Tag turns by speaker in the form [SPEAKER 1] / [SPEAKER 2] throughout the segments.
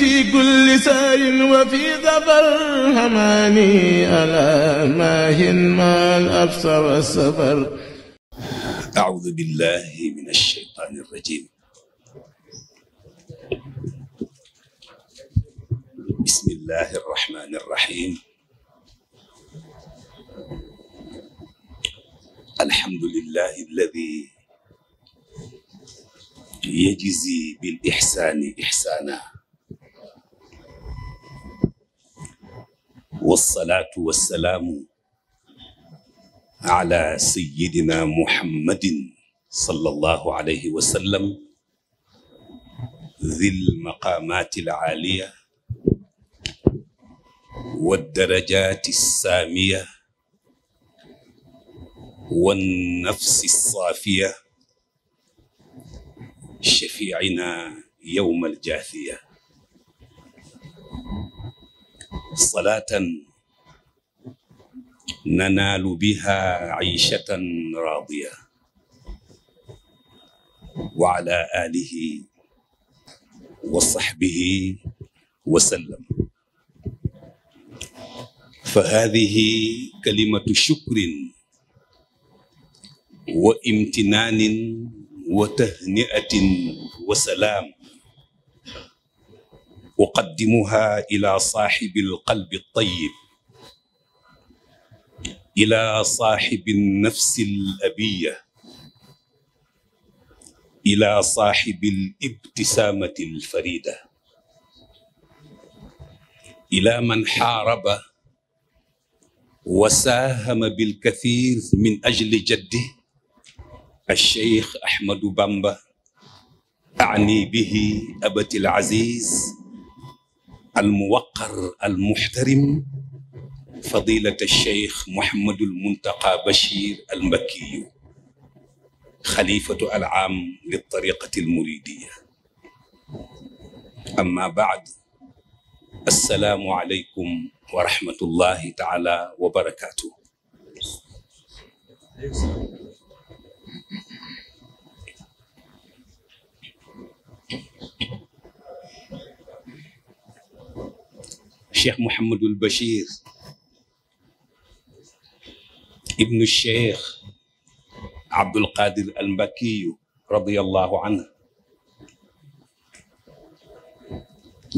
[SPEAKER 1] في كل سير وفي ظفر هماني ألا ماهن ما الأبصر والسفر
[SPEAKER 2] أعوذ بالله من الشيطان الرجيم بسم الله الرحمن الرحيم الحمد لله الذي يجزي بالإحسان إحسانا wassalaatu wassalaamu ala sayyidina muhammadin sallallahu alayhi wa sallam dhil maqaamaati al-aaliya waddarajaati as-saamiya wannafsi as-saafiya shafii'inaa yawma al-jaathiya salaatan nanaalu biha aishatan raadiya wa ala alihi wa sahbihi wa sallam fa haadihi kalimatu shukrin wa imtinaanin wa tahniatin wa salaam أقدمها إلى صاحب القلب الطيب إلى صاحب النفس الأبية إلى صاحب الابتسامة الفريدة إلى من حارب وساهم بالكثير من أجل جده الشيخ أحمد بامبا أعني به أبت العزيز almuwaqar almuxtarim fadilat alcheikh mohamadul muntaqa bachir almbakkiyu xalifatu alaam liltariqati almuridiya amma baad assalaamu aleykum wa rahmatullahi taala wa barakatuh Cheikh Mouhamadul Bachir ibnu Cheikh Abdul Qadir al Mbakiyu radiyallahu anhu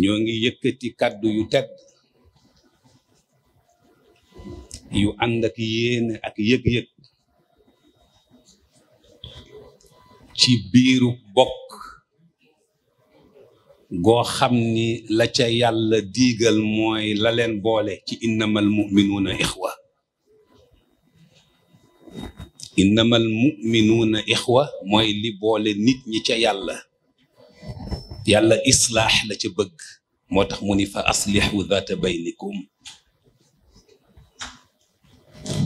[SPEAKER 2] ñoo ngi yëkkati kàddu yu tedd yu ànd ak yéene ak yëg ci biiru bokk goo xam ni la ca yàlla diigal mooy la leen boole ci innamal muminuuna ixwa innamal muminuuna ixwa mooy li boole nit ñi ca yàlla yàlla islaax la ca bëgg moo tax mu ni fa aslixu data baynikum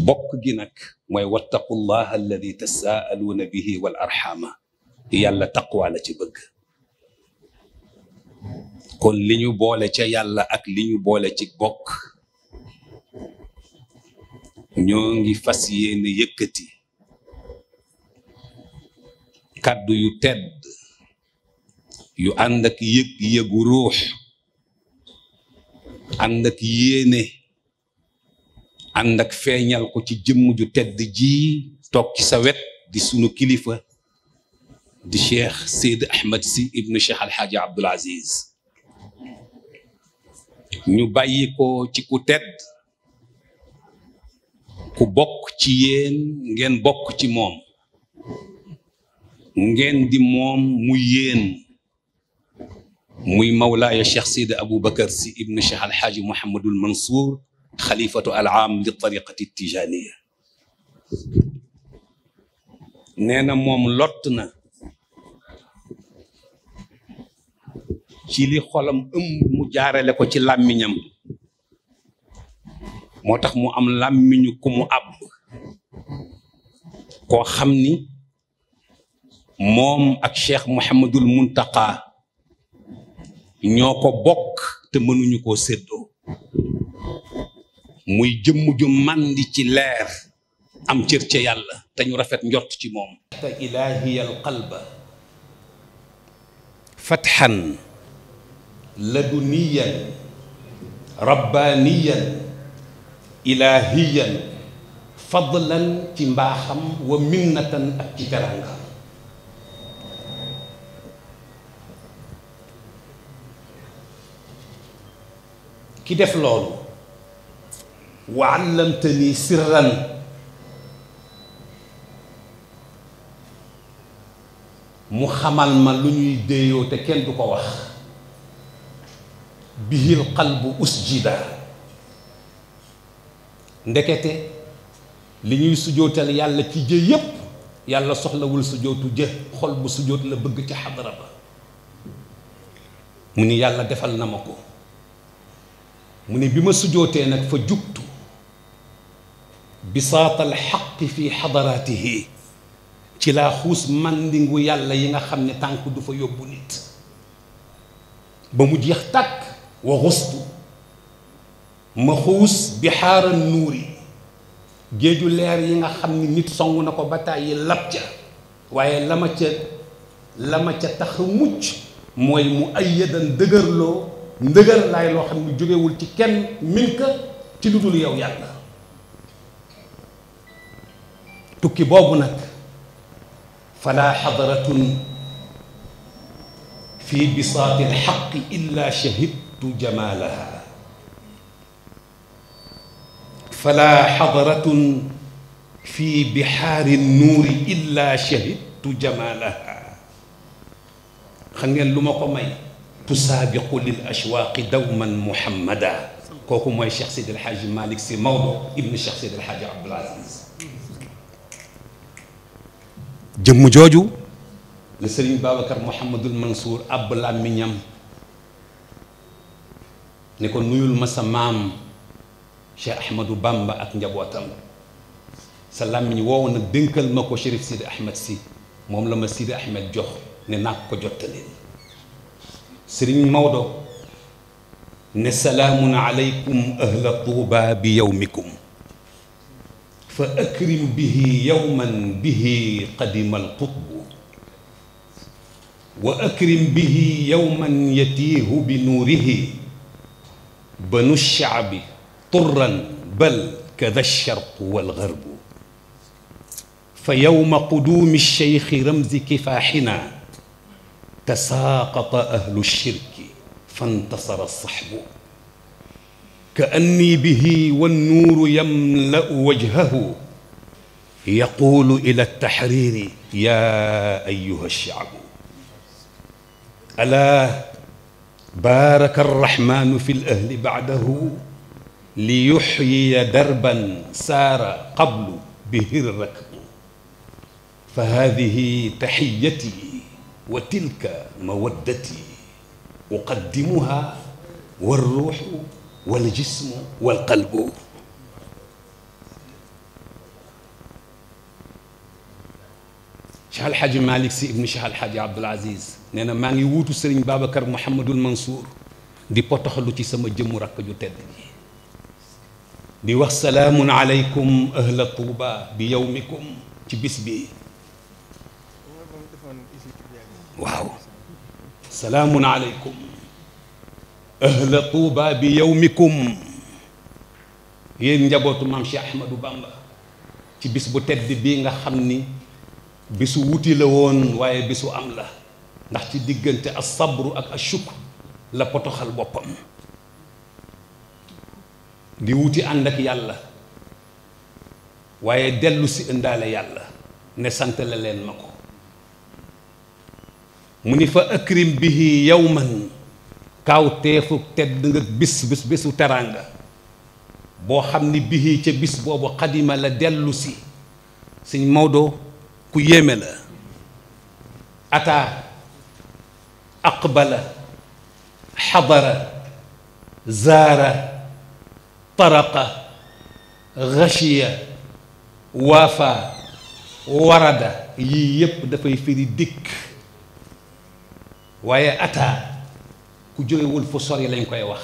[SPEAKER 2] bokk gi nag mooy wattaqullaha alladi tasaaluuna bihi wal arxaama yàlla taqwa la ca bëgg kon li ñu boole ca yàlla ak li ñu boole ci bokk ñoo ngi fas yéene yëkkati kàddu yu tedd yu ànd ak yëg-yëgu ruux ànd ak yéene ànd ak feeñal ko ci jëmm ju tedd ji toog ci sawet wet di sunu kilifa di cheikh Seyd Ahmed si ibnu cheikh alxaaji Abdul ñu bàyyi ko ci ku tedd ku bokk ci yéen ngeen bokk ci moom ngeen di moom mu yéen muy mawlaaya cheikh sid Aboubacar si ibnu cheikh alxaaji Mouhamadul Mansour xalifatu al aam li tariqati tijaniya nee na moom lott na ci li xolam ëmb mu jaarale ko ci làmmiñam moo tax mu am làmmiñu ku mu ab koo xam ni moom ak cheikh Mouhamadul Muntaqa ñoo ko bokk te mënuñu koo séddoo muy jëmm ju màndi ci leer am cër ca yàlla te ñu rafet njort ci moom te ilaahiyal qalba fatxan laduniyan rabbaniyan ilahiyan fadlan ci mbaaxam wa minnatan ak ci teranga ki def loolu wa allamtani sirran mu xamal ma lu ñuy déeyoo te kenn du ko wax bihil qalbu usjida ndekete li ñuy sujootal yàlla ci jë yépp yàlla soxlawul sujootu jë xol bu sujoot la bëgg ci xadara ba mu ni yàlla defal na ma ko mu ni bi ma sujootee nag fa jugtu bisaatal xaqi fi xadaraatihi ci laa xuus màndingu yàlla yi nga xam ne tànk du fa yóbbu nit ba mu jeex tàkk wa xustu ma xuus bi xaaral nuur géeju leer yi nga xam ni nit song na ko ba tàyyi lab ca waaye la ma ca tax mucc mooy mu ay yadan dëgërloo ndëgër laay loo xam ne jógewul ci kenn min ka ci lu dul yow yàlla tukki boobu nag fala xadaratun fi bisaati alxaqi illa shahid أحببت جمالها فلا حضرة في بحار النور إلا شهدت جمالها xam ngeen lu ma ko may tusaabiqu lil ashwaaqi dawman muhammada kooku mooy Cheikh Seydi El Hadji Malick Sy Maodo ibnu Cheikh Seydi El Hadji Abdoul Aziz jëmm jooju le Serigne Babacar Mouhamadul Mansour ab làmmiñam ne ko nuyul ma sa maam Cheikh Ahmadou Bamba ak njabootam sa làmmiñ woowu nag dénkal ma ko Chérif Sidi Ahmed si moom la ma Sidi Ahmed jox ne naa ko jottaleen Sëriñ Maodo ne salaamun aleykum ahla tuuba bi yowmikum fa akrim bihi yowman bihi qadima alqutbu wa akrim bihi yowman yatiihu bi nuurihi banu shaabi turran bal kada sharqu wal garbu fa yowma quduumi sheyxi ramzi kifaaxina tasaaqata ahlu shirki fantasara saxbu ka anni bihi wannuuru yamla'u wajhahu yaquulu ila taxriiri yaa ayyuha shaabu alaa baaraka arrahmaanu fi lahli baadahu li yuxyiya darban saara qablu bi hirrak fa hadihi taxiyati wa tilka mawaddati uqaddimuha walruuxu waljismu walqalbu Cheikh Alxaaji Malick Sy ibnu Cheikh Alxaaji Abdul Aziz neena maa ngi wuutu sëriñ Babacar Mouhamadul Mansour di potoxalu ci sama jëmmu rakk ju tedd ji di wax salaamun aleykum ahla Touba bi yowmikum ci bis bi waaw salaamun aleykum bi yowmikum yéen njabootu maam Cheikh Ahmadou Bamba ci bis bu tedd bi nga xam ni bisu wuti la woon waaye bisu am la ndax ci diggante as sabru ak as shukr la potoxal boppam di wuti ànd ak yàlla waaye dellusi indaale yàlla ne sant la leen ma ko mu ni fa akrim bihi yawman kaaw teefu tedd nga bis bis bisu teraanga boo xam ni bihi ca bis boobu xadima la dellu si sëñ Maodo ku yéeme la ataa aqbala xadara zaara taraqa xashiya waafa warada yii yépp dafay firi dikk waaye ataa ku jógewul fu sori lañ koy wax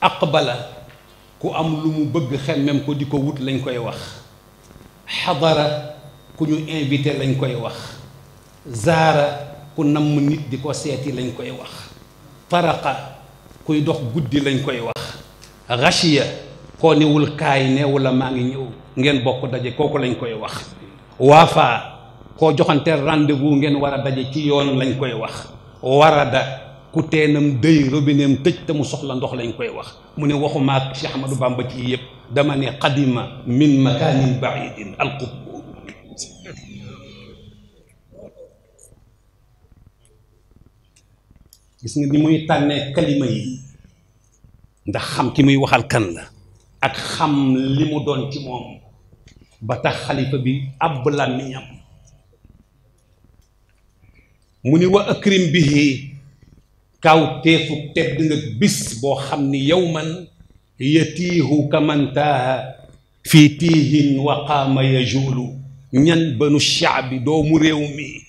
[SPEAKER 2] aqbala ku am lu mu bëgg xemmem ko di ko wut lañ koy wax xadara ku ñu invité lañ koy wax ku namm nit di ko seeti lañ koy wax faraqa kuy dox guddi lañ koy wax rashiya koo newul kaay neewula maa ngi ñëw ngeen bokk daje kooku lañ koy wax waafa koo joxanteel rendez bu ngeen war a daje ci yoon lañ koy wax warada ku teenam dëy robineem tëj te mu soxla ndox lañ koy wax mu ne waxuma ak Cheikh Ahmadou bàmba ci yépp dama ne qadima min makanin baidin alqub gis nga ni muy tànnee kalima yi ndax xam ki muy waxal kan la ak xam li mu doon ci moom ba tax xalifa bi ab làmmiñam mu ni wa bi bihi kaw teefuk tedd nga bis boo xam ni yow man yatiihu kamantaaha fii tiihin wa qaama yajuulu ñan banu shaabi doomu réew mi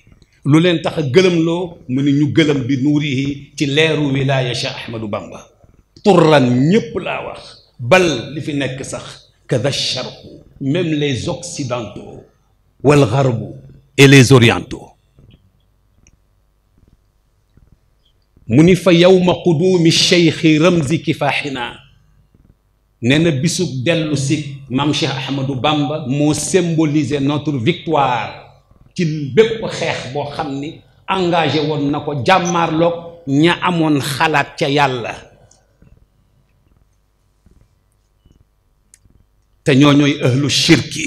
[SPEAKER 2] lu leen tax a gëlëmloo mu ni ñu gëlëm bi nuurihi ci leeru wilaaya Cheikh Ahmadou Bamba turlan ñépp laa wax bal li fi nekk sax kada charqu même les occidentaux wal garbu et les orientaux mu ni fa yowma quduumi cheikhi ramzi kifaaxina ne na bisub dellu si maam Cheikh Ahmadou Bamba moo symbolisé notre victoire ci bépp xeex boo xam ni engagé woon na ko jàmmaarloog ña amoon xalaat ca yàlla te ñoo ñooy ahlu shirki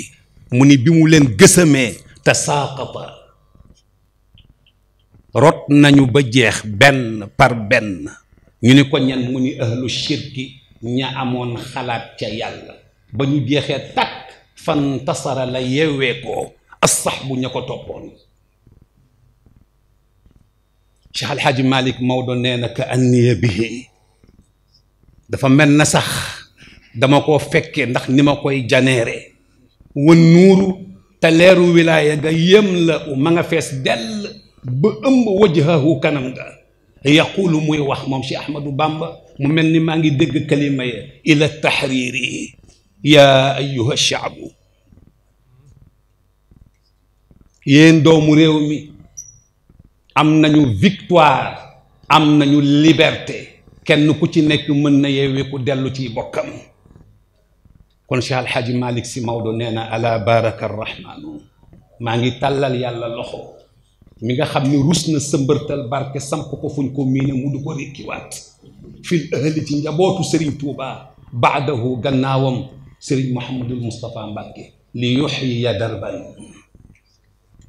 [SPEAKER 2] mu ni bi mu leen gësëmee te saaqata rot nañu ba jeex benn par benn ñu ni ko ñan mu ni ahlu shirki ña amoon xalaat ca yàlla ba ñu jeexee takk fantasara la yeewee ko as sax bu ña ko toppoon Cheikh Alxaaji Malik Maodo nee na ka anniya bihi dafa mel na sax dama ko fekke ndax ni ma koy janeere wan nuuru te leeru wilaaya ga yem la ma nga fees dell ba ëmb wajhahu kanam nga yaqulu muy wax moom si Ahmadou Bamba mu mel ni maa ngi dégg kalima ya ila tahriri shaabu yéen doomu réew mi am nañu victoire am nañu liberté kenn ku ci nekk mën na yeeweeku dellu ci bokkam kon Cheikh Alxaaji Malick Si Maodo nee na ala baraka rahmaanu maa ngi tàllal yàlla loxo mi nga xam ni rus na sëmbërtal barke samp ko fuñ ko miine mu du ko rékkiwaat fil ahli ci njabootu Serigne Touba baadahu gannaawam Serigne Mouhamadul Moustapha Mbacke li yuxyiya darban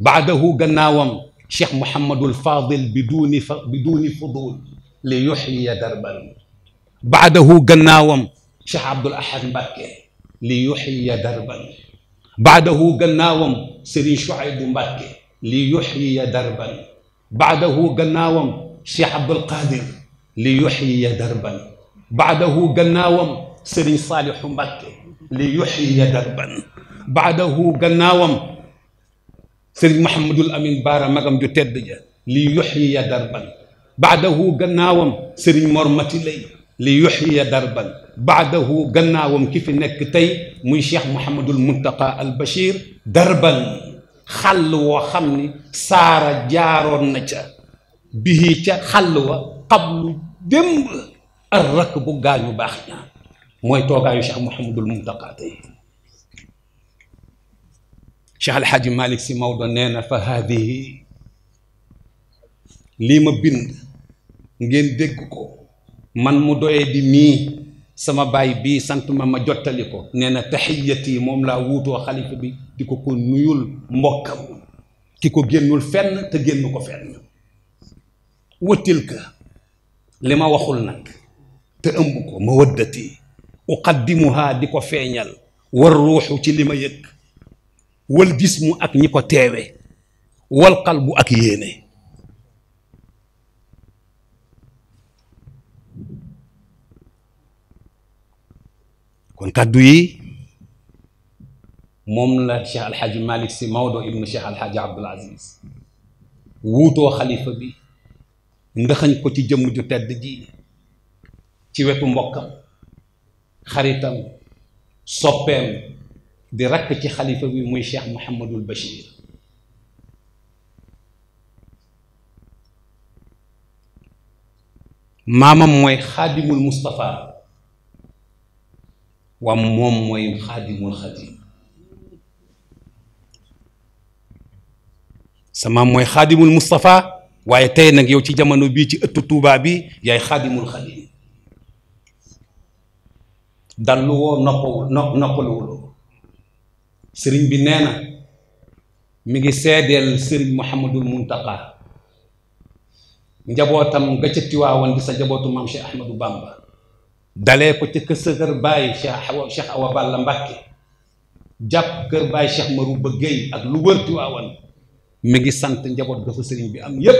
[SPEAKER 2] baadahu gannaawam cheikh Mouhamadul Fadil bi duuni fa bi duuni fudul li yuxyiya darban baadahu gannaawam cheikh Abdoul Ahad Mbacke li yuxyiya darban baadahu gannaawam Serigne Chouaïbou Mbacke li yuxyiya darban baadahu gannaawam cheikh Abdoul Qadir li yuxyiya darban baadahu gannaawam Serigne Salihu Mbacke li yuxyiya darban baadahu gannaawam sëriñ Mouhamadul Amin Baara magam ju tedd ja li yuxyiya darban baadahu gannaawam sëriñ Mor Mati lay li yuxyiya darban baadahu gannaawam ki fi nekk tey muy cheikh Mouhamadul Muntaqa al Bachir darban xàll woo xam ni saara jaaroon na ca bihi ca xàll wa xablu démb ar rakk bu gaañu baax ñaa mooy toogaayu cheikh Mouhamadul Muntaqa tey Cheikh Al Hadj Malick si Maodo nee na fa haadihi lii ma bind ngeen dégg ko man mu doyee di mii sama baay bii sant ma ma jottali ko nee na taxiyati moom laa wuutoo xalifa bi di ko ko nuyul mbokkam ki ko génnul fenn te génn ko fen wëttil ka li ma waxul nag te ëmb ko ma wëddati uqaddimuha di ko feeñal war ruuxu ci li ma yëg wal jismu ak ñi ko teewe wal qalbu ak yéene kon kàddu yi moom la Cheikh Alxaaji Malick si Maodo ibnu Cheikh Alxaaji Abdul Aziz xalifa bi ndaxañ ko ci jëmm ju tedd ji ci wetu mbokkam xaritam soppeem di rakk ci xalifa bi muy cheikh Mouhamadul Bachir maamam mooy xaadimul Moustapha wam moom mooy xaadimul xadim sa maam mooy xaadimul waaye tey nag yow ci jamono bii ci ëttu Tuubaa bi yaay xaadimul xadim dallu woo noppalu noppaluwuloo sëriñ bi nee na ngi seedeel sëriñ Mouhamadul Muntaqa njabootam ga ca Tiwaawan di sa njabootu maam Cheikh Ahmadou Bamba dalee ko ca kër sa kër bàyyi Cheikh Awa Cheikh Mbàkke jàpp kër bàyyi Cheikh Marouba Gueye ak lu wër Tiwaawan mu ngi sant njaboot ga fa sëriñ bi am yépp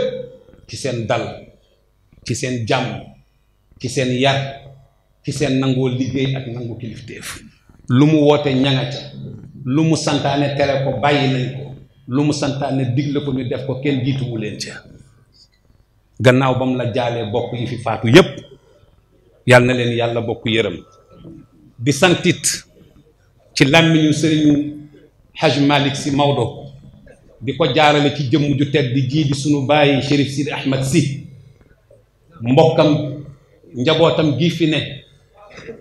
[SPEAKER 2] ci seen dal ci seen jàmm ci seen yar ci seen nangoo liggéey ak nangu kilifteef lu mu woote ñanga lu mu santaane tere ko bàyyi nañ ko lu mu santaane digle ko ñu def ko kenn jiituwu leen ca gannaaw ba mu la jaalee bokk yi fi faatu yépp yàlla na leen yàlla bokk yërëm di santit ci làmmiñu sëriñu Haj Malick si Maodo di ko jaarale ci jëmm ju tedd di jii di sunu bàyyi si Sidi Ahmed si mbokkam njabootam gii fi ne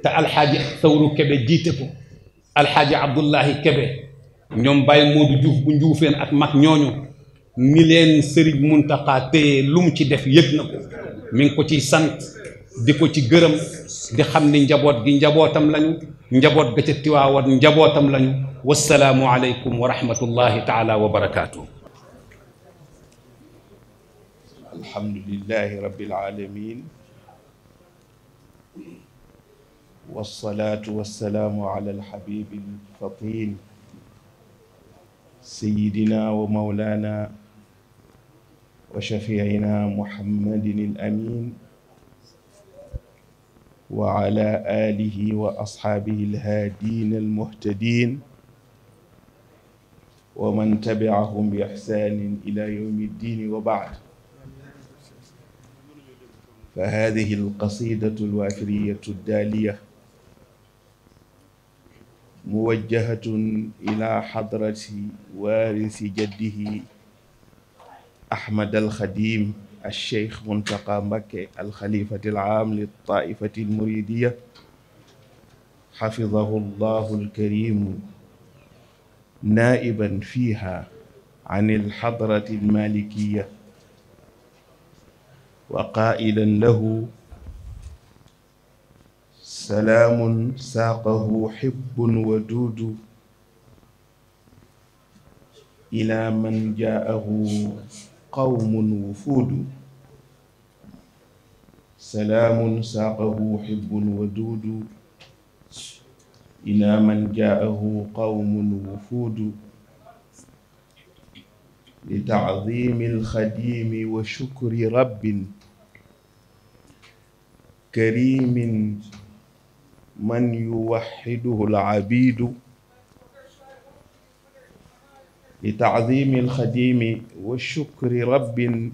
[SPEAKER 2] te alxaaji Tawru Kebe jiite ko alxaaji abdullahi kebe ñoom Baye Modou Diouf bu njuufeen ak mag ñooñu mi leen sëriñ Muntaxa téye lu mu ci def yëg na ko mi ngi ko ci sant di ko ci gërëm di xam ni njaboot gi njabootam lañu njaboot ga ca tiwaawan njabootam lañu wasalaamu aleykum wa rahmatullahi taala wa barakaatu.
[SPEAKER 3] alhamdulilahi والصلاة والسلام على الحبيب الفطين سيدنا ومولانا وشفيعنا محمد الأمين وعلى آله وأصحابه الهادين المهتدين ومن تبعهم بإحسان إلى يوم الدين وبعد فهذه القصيدة الوافرية الدالية muwajjahatun ila xadrati waarisi jaddihi ahmad alxadim alcheikh muntaqa mbakke alxalifati alaam liltaifati almuridiya xafidahu allahu alkarimu naiban fiha an alxadrati almalikiya wa qailan lahu salaamun saaqahu xibbun waduudu ila man jaahu qawmun wufuudu salaamun saaqahu xibbun waduudu ila man jaahu qawmun wufuudu لتعظيم الخديم وشكر رب كريم man yuwaxiduhu alaabidu li taadimi alxadimi wa shukri rabbin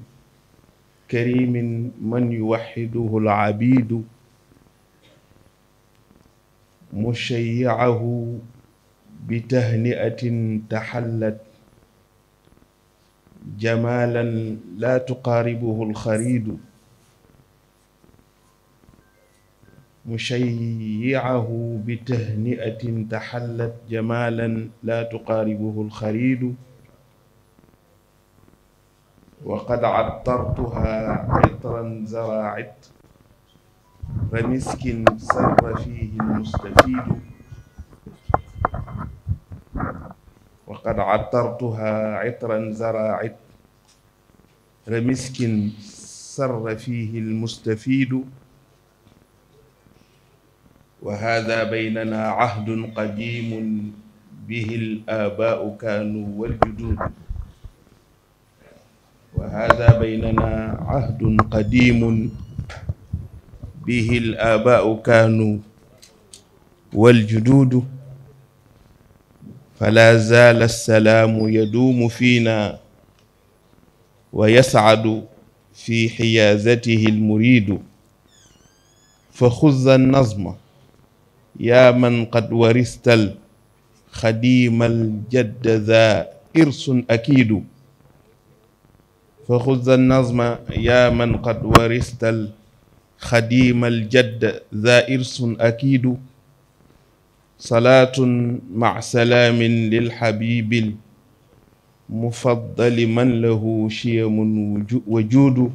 [SPEAKER 3] karimin man yuwaxiduhu alaabidu mushayicahu bitahniatin taxallat jamalan la tuqaaribuhu alxaridu mushayyicahu bitahni'atin taxallat jamaalan laa tuqaaribuhu alxariidu wa qad cattartuha citran zaraacit ramiskin sarra fiihi almustafiidu wa qad cattartuha citran zaraacit ramiskin sarra fiihi almustafiidu wa hada baynana cahdun qadimun bihi alaabaau kaanu waljuduud wa hada baynana cahdun qadimun bihi alaabaau kaanu waljuduudu fala zaala alsalaamu yaduumu fiina wa yascadu fi xiyaazatihi almuriidu fa xuz annazma yaa man qad waristal xadiimal jadda za irsun akiidu fa xuzza nazma yaa man qad waristal xadiimal jadda za irsun akiidu salaatun mac salaamin lil xabiibil mufaddali man lahu chiyamun wa juudu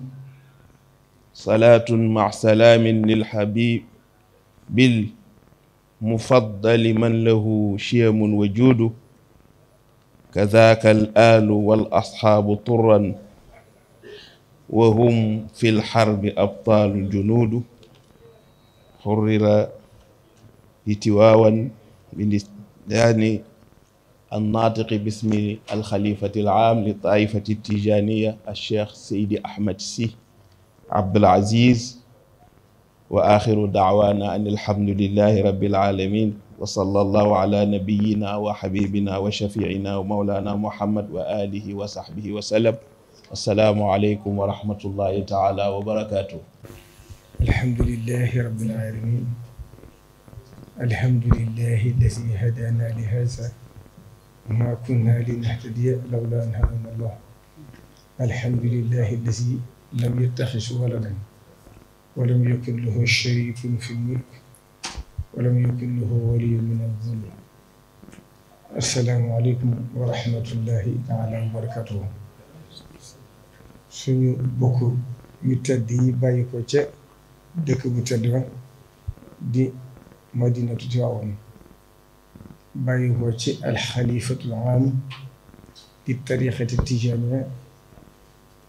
[SPEAKER 3] salaatun mac salaamin lil xabiibil mufaddali man lahu chiyamun wa juudu kazaaka al aalu wal asxaabu turran wa hum fi lxarbi abtaalu junuudu xurrira itiwaawan bilisaani annaatiqi bismi alxalifati alaam li taifati tijaaniya alcheikh seydi ahmad si abdulaziz wa axiru daawaana an alhamdulillahi rabbil alamin wa sallallahu ala nabiyyina wa habibina wa shafiina wa mawlana muhammad wa alihi wa sahbihi wa sallam assalaamu aleykum wa rahmatullahi taala wa barakatuh
[SPEAKER 4] alhamdulillahi rabbil alamin alhamdulillahi alladi hadana li haza ma kunna linahtadiya lawla an hadana allah alhamdulillahi alladi lam yattaxis waladan ولم يكن له شريك في الملك ولم يكن له ولي من الذل السلام عليكم ورحمة الله تعالى وبركاته suñu bokk yu tedd yi bàyyi ko ca dëkk bu tedd ba di madinatu Tiwaawan bàyyi ko ci alxalifatul aam di tariqati tijaaniya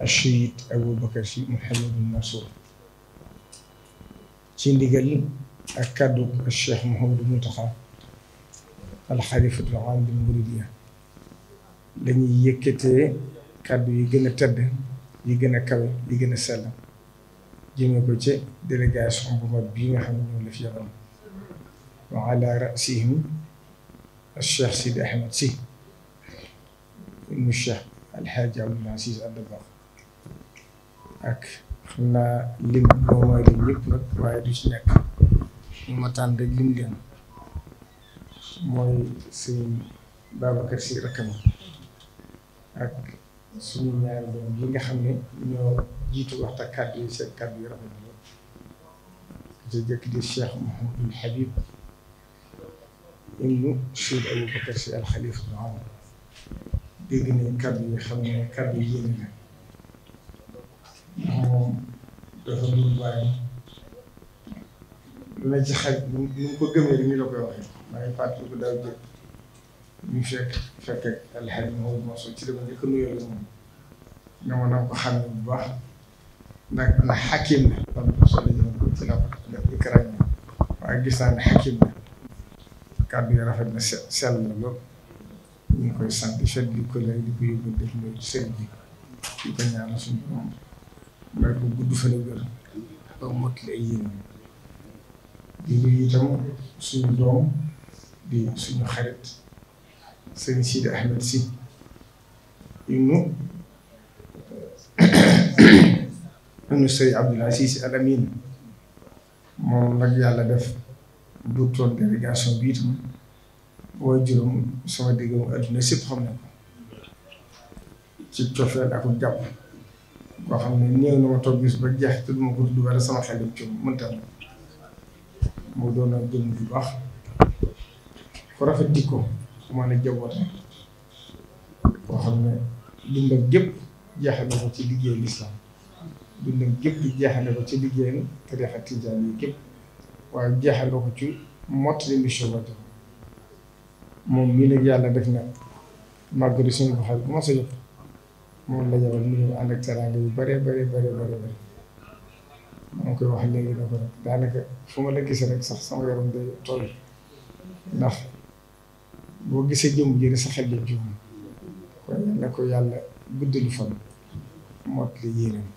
[SPEAKER 4] Cheikh Aboubacar Sy Mouhamadou Mansour ci ndigal ak kàddu Cheikh Mouhamadou Mountakha alxalifatul am bil muridiyya dañuy yëkkatee kàddu yi gën a tedd yi gën a kawe yi gën a sell jëme ko ci délégation bu mag bii nga xam ne ñoom la fi yabal wa ala rasihim Cheikh Sidi Ahmed Sy mu Cheikh Alhaaji Abdoul Aziz Dabakh ak xam naa lim moom mooy lim yëpp waaye du ci nekk ñu ma tànn rek lim leen mooy sëñ Babacar si rakkam ak suñu ñaari doom nga xam ne ñoo jiitu waxta kàddu yi seen kàddu yi rafet na te jëkk di Cheikh Mouhamadul Habib ibnu Cheikh Aboubacar si alxalifa dégg ne kàddu yi xam ne kàddu yi yéen na moom dafa ñuy bàyyi lu ne ci xaj bu ñu ko gëmee rek ñu la koy waxee maa ngi fàttali ko daaw jëkk ñu fekk fekk alxaj moom moosu ci dama njëkk ne ma ko xam ne bu baax ndax ndax xakim la kon soxla jëm ko ko def ikraam waaye gis naa ne xakim la kàddu yi rafet na sell na lool koy sant fet di ko lay def loolu seen ji di ko ñaanal suñu borom may ko gudd fan ak wér ba mottali ay yéen di nuyu itam suñu doom di suñu xarit sëñ Sidi Ahmed si inu inu sëñ Abdoul Aziz Al moom nag yàlla def docteur délégation bi itam boo juróom sama diggam adduna sépp xam ne ko ci cofeel ak jàpp koo xam ne néew na ma toog bis ba jeex te du ma ko tudd wala sama xel ci mënta la moo doon ak jëm bu baax ku rafet dikko ku mën a jaboote koo xam ne dundam gépp jeexal na ko ci liggéey lislaam dundam gépp jeexal na ko ci liggéey tarixa tijaan yi gépp waaye jeexal na moom mii nag yàlla def na màggalu suñu bu xel bu ma sa yëpp moom la ñu mu ñëw ànd ak teraanga yu bëree bëri bëri bëri bëri koy wax léegi na ko nag daanaka fu ma la gisee rek sax sama yaram day toll ndax boo gisee jëm jëri sa xel jëm jëm kon na ko yàlla guddalu fan mot li yéenam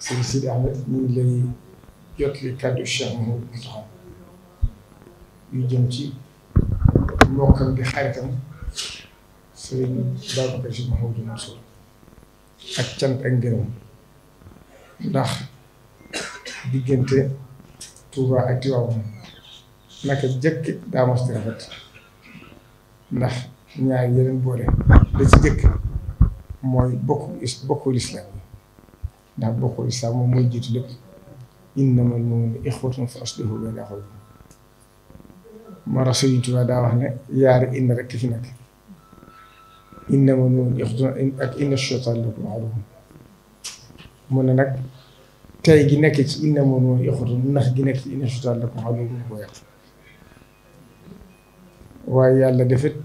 [SPEAKER 4] sëñ Sidi Ahmed yu jëm ci mbokkam di xaritam sëriñ Babacar Si Mouhamadou Mansour ak cant ak ngërëm ndax diggante Touba ak Tiwaawan naka jëkk daa mos di ndax ñaar yeneen boole da ci jëkk mooy bokku is bokku ndax bokku lislaam moom mooy jiitu lépp innamal mu'minuuna ixwatun fa aslihu bayna axawaykum moo tax sëriñ Tuubaa daa wax ne yaari indi rekk fi nekk innama nuun ixdun ak inna shaytaan lakum aduw mu ne nag tey gi nekk ci innama nuun ixdun ndax gi nekk ci inna shaytaan lakum aduw mu ko yàq waaye yàlla defit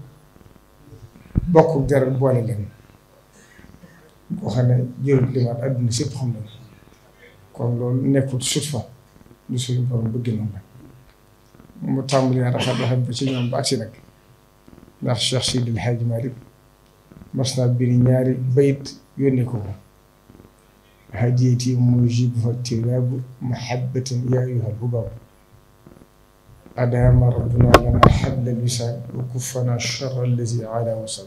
[SPEAKER 4] bokk dara boole leen boo xam ne jërut limaat àdduna sépp xam ne kon loolu nekkul sut fa lu suñu borom bëgg noonu la mu tàmbali rafet rafet ba ci ñoom ba agsi nag ndax Cheikh Sidil Hadji Malick mas naa biri ñaari bayit yónnee ko ko hadiyati mujib fa tiraabu mahabbatan ya ayyuhal hubaab adaama rabbuna lana xadda bisaan wa kuffana charra allazi ala wasal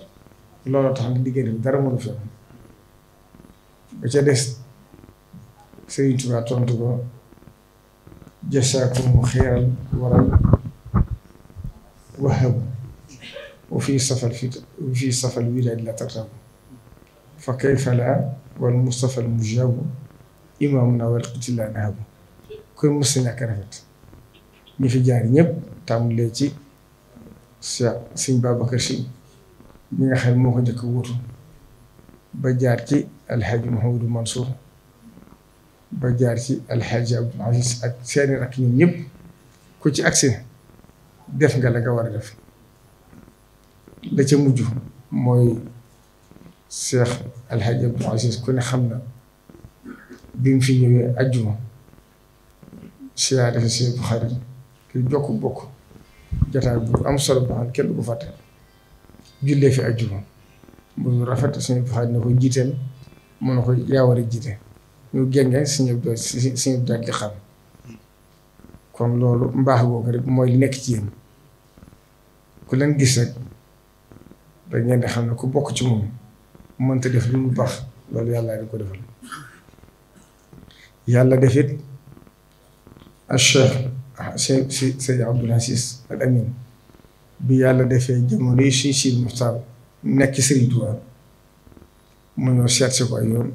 [SPEAKER 4] looloo tax na diggante bi dara mënu fi am ba ca des Sëriñ Tuubaa tontu ko jasaakum xeeral wahabu وفي صفا الفتن وفي صفا الولاد لا ترتاب فكيف لا والمصطفى المجاب إمامنا والقتلى نهاب كل مسلم كرفت ñi fi jaar ñëpp tàmbalee ci Cheikh Sëñ Babacar Si mi nga xam moo ko njëkk wuutu ba jaar ci alxaaji Mouhamadou Mansour ba jaar ci alxaaji Abdoul Aziz ak seeni rak ñëpp ku ci agsi def nga la nga war a def la ca mujj mooy Cheikh El Hadj xam na bi mu fi ñëwee ajjuma siyaare fi Sëñ Buxaari ki jokk bokk jotaay bu am solo bu kenn du ko fàtte jullee fi ajjuma mu rafet Sëñ Buxaari ne ko jiiteel mu ne ko yaa war a jiite ñu génge Sëñ Abdou Sëñ Abdou daal di xam kon loolu mbaax googu rek mooy li nekk ci yéen ku leen gis rek ba ngeen di xam ne ku bokk ci moom mënta def lu mu baax loolu yàlla di ko defal yàlla def it ak Cheikh Cheikh si Seydi Abdoul Aziz Al Amin bi yàlla defee jamono yi si si Muxtaar mu ñëw seet si ko ay yoon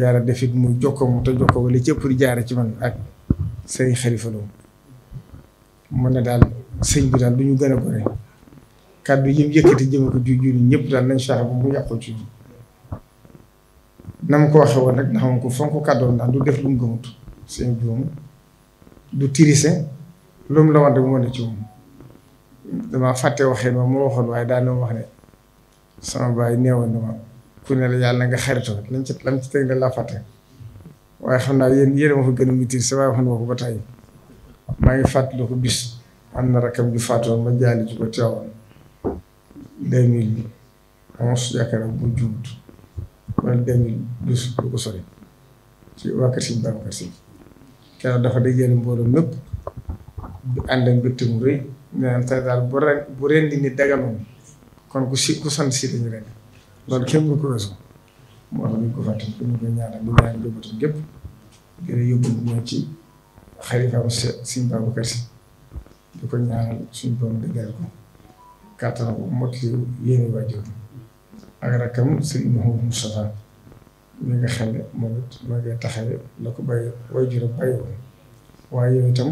[SPEAKER 4] yàlla defit mu jokkoo mu te jokkoo wala cëpp di jaare ci man ak sëriñ Xalifa Lo mu ne daal sëñ bi daal du ñu gën a gore kàddu yi yëkkati jëme ko ju julli ñëpp daal nañ fexe bu mu yàqoo ci ñun na ma ko waxee woon nag xam nga ko fonk kàddoon daal du def lu mu gëmut seen juum du tirise lu mu la woon rek moo ne ci moom damaa fàtte waxee ma moo waxoon waaye daal ma wax ne sama baay neewoon na ma ku ne la yàlla nga xaritoo lañ ci lañ ci teg laa fàtte waaye xam naa yéen yéen ma fa gën a maîtriser waaye waxoon nga ko ba tàyyi maa ngi fàttaliku ko bis am na rakam ju faatoon ma jaali ju ko teewoon deux mille onze yaakaar naa bu juut wala deux mille douze lu ko sori ci waa Kër Sëñ Babacar Sy kenn dafa day génn mbooloo bi ànd ak mbégte mu rëy naan tey daal bu ren bu ren di ni daganoon kon ku si ku sant si dañu ren loolu kenn mënu ko weesu moo tax duñ ko fàtte duñ ko ñaanal di a yóbbu mooy ci ko ñaanal suñu doom dëggal ko kàttanam mottali yéene waajur ak rakkam sëriñ Mouhamadou Moustapha mi nga xam ne moom it ma ngay taxawee la ko bàyyi waajuram bàyyi woon waaye yow itam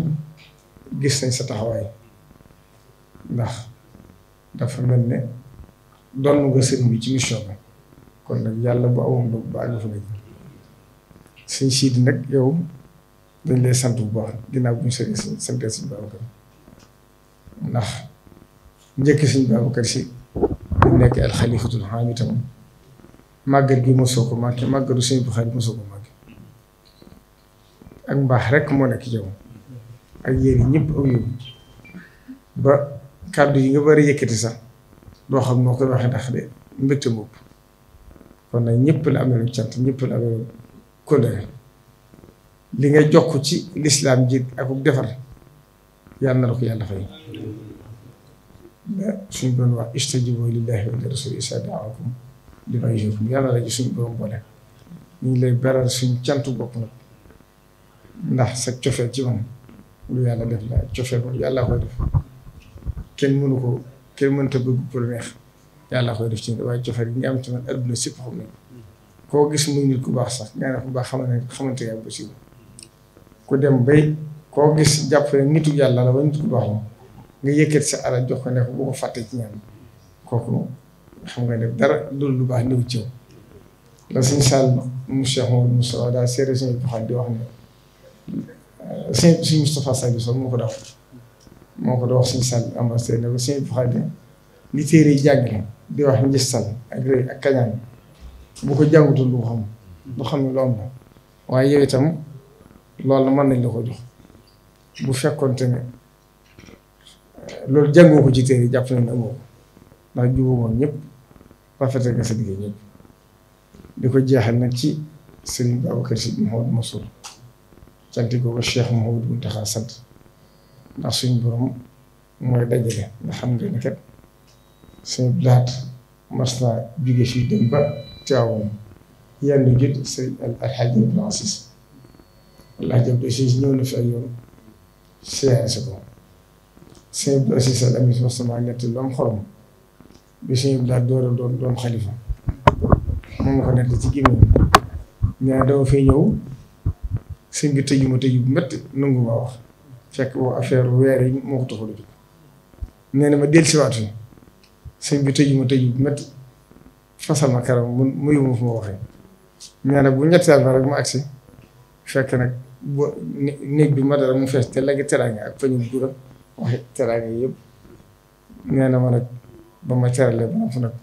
[SPEAKER 4] gis nañ sa taxawaay ndax dafa mel ne doon nga sëriñ bi ci mission kon nag yàlla bu amoon lu baax nga fa nga jëm sëñ Sidi yow dañ lay sant bu baax ginnaaw bu ñu sëriñ sant sëñ Babacar ndax. njëkk sëñ Babacar si bu nekk gi mosoo ko manqué màggatu sëñ Buxaari mosoo ko ak mbaax rek moo nekk jaww ak yéen kàddu yi nga bari yëkkati sax xam noo koy waxee ndax de mbégte bopp kon nag ñëpp la amee lu cant ñëpp la amee ci lislaam ji ak defar yàlla na la ko yàlla fay ba suñ doon wax istajibu lillahi wa li rasuli isa daawakum li may yóbbu yàlla la ji suñ borom boole ñu ngi lay beral suñ cantu bopp nag ndax sa cofee ci man lu yàlla def la cofee ko koy def kenn mënu ko kenn mënta bëgg ko lu neex yàlla koy def ci waaye cofee gi nga am ci man adduna sépp xam nañ koo gis muy nit ku baax sax nga ne ku baax xamante ne ba si ku dem bay koo gis jàpp ne nitu yàlla la ba nit ku baax moom nga yëkkat si alal jox ko ne ko bu ko fàttee ci ñaan kooku xam nga ne dara loolu lu baax néew ci la suñ Sall mu Cheikh Mouhamadou Moustapha daal seere suñu doxal di wax ne euh, suñ suñ Moustapha Sall moo ko daw moo ko doon wax suñ Sall ambassadeur ne ko suñu doxal di li téere yi jàngale di wax njës Sall ak rëy ak kañaan bu ko jàngutul du ko xam du xam ne lu am la waaye yow itam loolu mën nañ la ko jox bu fekkoon tamit loolu jàngoo ko ci téere jàpp nañ ne amoo ndax jubóo moom ñëpp rafetal nga sa digg ñëpp di ko jeexal nag ci Serigne Babacar Sy Mouhamadou Mansour sant ko Cheikh Mouhamadou Mountakha sant ndax suñu borom mooy dajale nga xam nga ne kat suñu laat mas jóge fii dem ba Tiwaawan yàlla na jël Serigne Al Alhaji Abdoul Aziz fi ak yoon siyaare si ko. sëñ bi aussi sëñ Amady Moussa nett lu am xorom bi sëñ bi daal door a doon doon xalifa moom la ko nett ci gémmiñ ñu ne dama fay ñëw sëñ bi tëju ma tëju bu métti nangu ma wax fekk boo yi moo ko a jóg nee na bu métti fasal ma karam mu mu yóbbu ma ma waxee ñu bu ñetteel ba rek mu agsi fekk nag bo néeg bi ma dara mu fees te léegi teraanga ak fa ñu waxi teraanga yëpp nee na ma nag ba ma terale ba noppi nag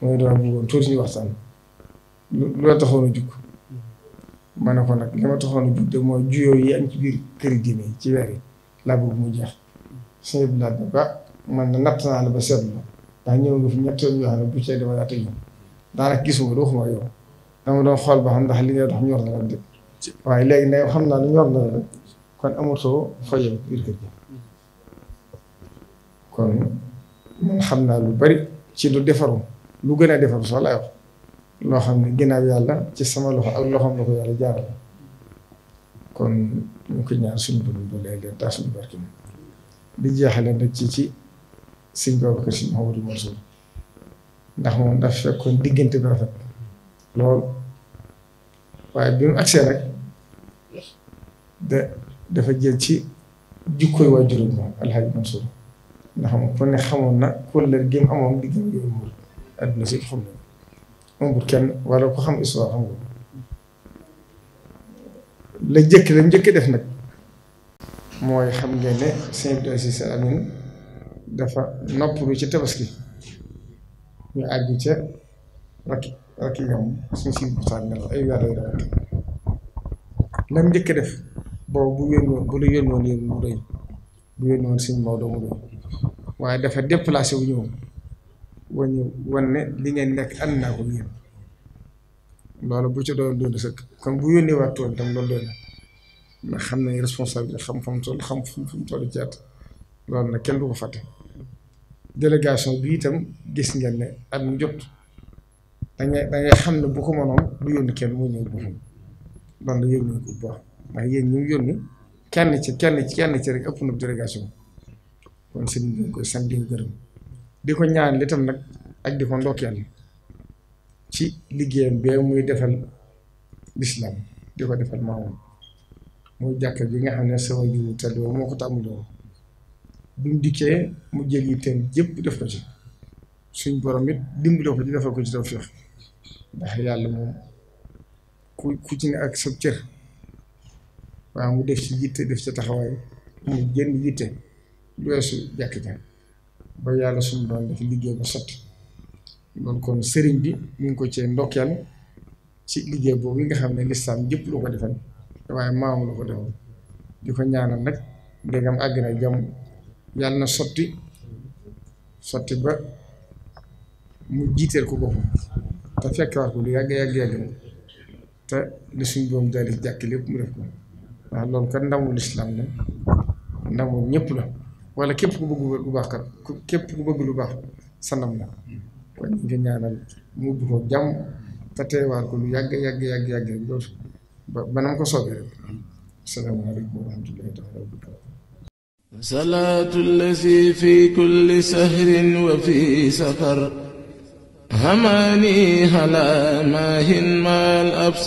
[SPEAKER 4] mooy doon bëggoon tuuti ñu waxtaan lu a jug hmm. ma ne ko nag li ma taxoon a jug de mooy juyoo yi am ci biir ci weer yi mu jeex suñu bilaat bi na natt naa la ba seetlu la ndax ñëw nga fi ñett yoon bu cee dama laata ñëw daanaka gisuma du waxuma yow dama doon xool ba xam ndax li ngay dox ñor na la de waaye léegi nag xam naa ne ñor na la kon amatoo fajam biir kër gi kon man xam naa lu bari ci lu defaru lu gën a defaru sax laay loo xam ne ginnaaw yàlla ci sama loxo ak loxoom la ko yàlla jaaral kon ñu ko ñaan suñu bërëb bu lay leen taa suñu barki di jeexale nag ci ci sëñ Babacar Si Mouhamadou Mansour ndax moom daf fekkoon diggante bi rafet lool waaye bi mu agsee rek dafa jël ci jikkoy waajuram moom Alxaaji Mansour ndax moom ku ne xamoon na kóllëre gi mu amoon digg yooyu adduna si xam na moom kenn wala ko xam histoire xam la jëkk la njëkk def nag mooy xam ngeen ne sëñ Abdou Aziz àgg ca njëkk def boobu bu la yónnoon yéen mu doy bu yónnoon sëñ Maodo waaye dafa déplacé wu ñëw wañu wan ne li ngeen nekk ànd naa ko yéen loolu bu ci doon doon sëkk kon bu yónnee waat tool tam loolu doon na xam nañ responsabilité xam fam toll xam fu mu toll jaat loolu nag kenn du ko fàtte bi itam gis ngeen ne at mu jot dangay dangay xam ne bu ko mënoon lu yónni kenn mu ñëw boppam loolu la yónni ko bu baax ndax ñu ngi yónni kenn ci kenn ci kenn ci rek ëpp na délégation kon sëñ bi koy sant di ko gërëm di ko ñaan li tam nag ak di ko ndokkeel ci liggéeyam bee muy defal lislaam di ko defal maamam muy jàkk bi nga xam ne sama jiwu tedd boobu moo ko tàmbaloo bu mu dikkee mu jël yi teen jëpp def ko ci suñ borom it dimbale ko ci defal ko ci tawfeex ndax yàlla moom ku ku ci ne ak sa cër waaw mu def ci yitte def ca taxawaay mu jënd yitte lu weesu jàkk ja ba yàlla suñu doon def liggéey ba sotti sëriñ bi mu ngi ko cee ndokkeel ci liggéey boobu nga xam ne lislaam jëpp lu ko defal waaye maamu ko defal di ko ñaanal nag ndegam àgg na jàmm yàlla na sotti sotti ba mu jiiteel ko boppam te wax ko lu yàgg yàgg suñ doom daal jàkk lépp mu def ko waaw loolu kat ndamul lislaam la ndamul ñëpp la wala képp ku bëgg lu baax kat képp ku bëgg nga ñaanal mu ubbi ko jàmm te teewaat ko lu yàgg yàgg yàgg yàgg loolu ba ba na ko soobee rek
[SPEAKER 1] asalaamaaleykum wa rahmatullahi taala wa barakatu صلاة الذي في كل سهر وفي سفر هماني هلا ماهن ما الأبس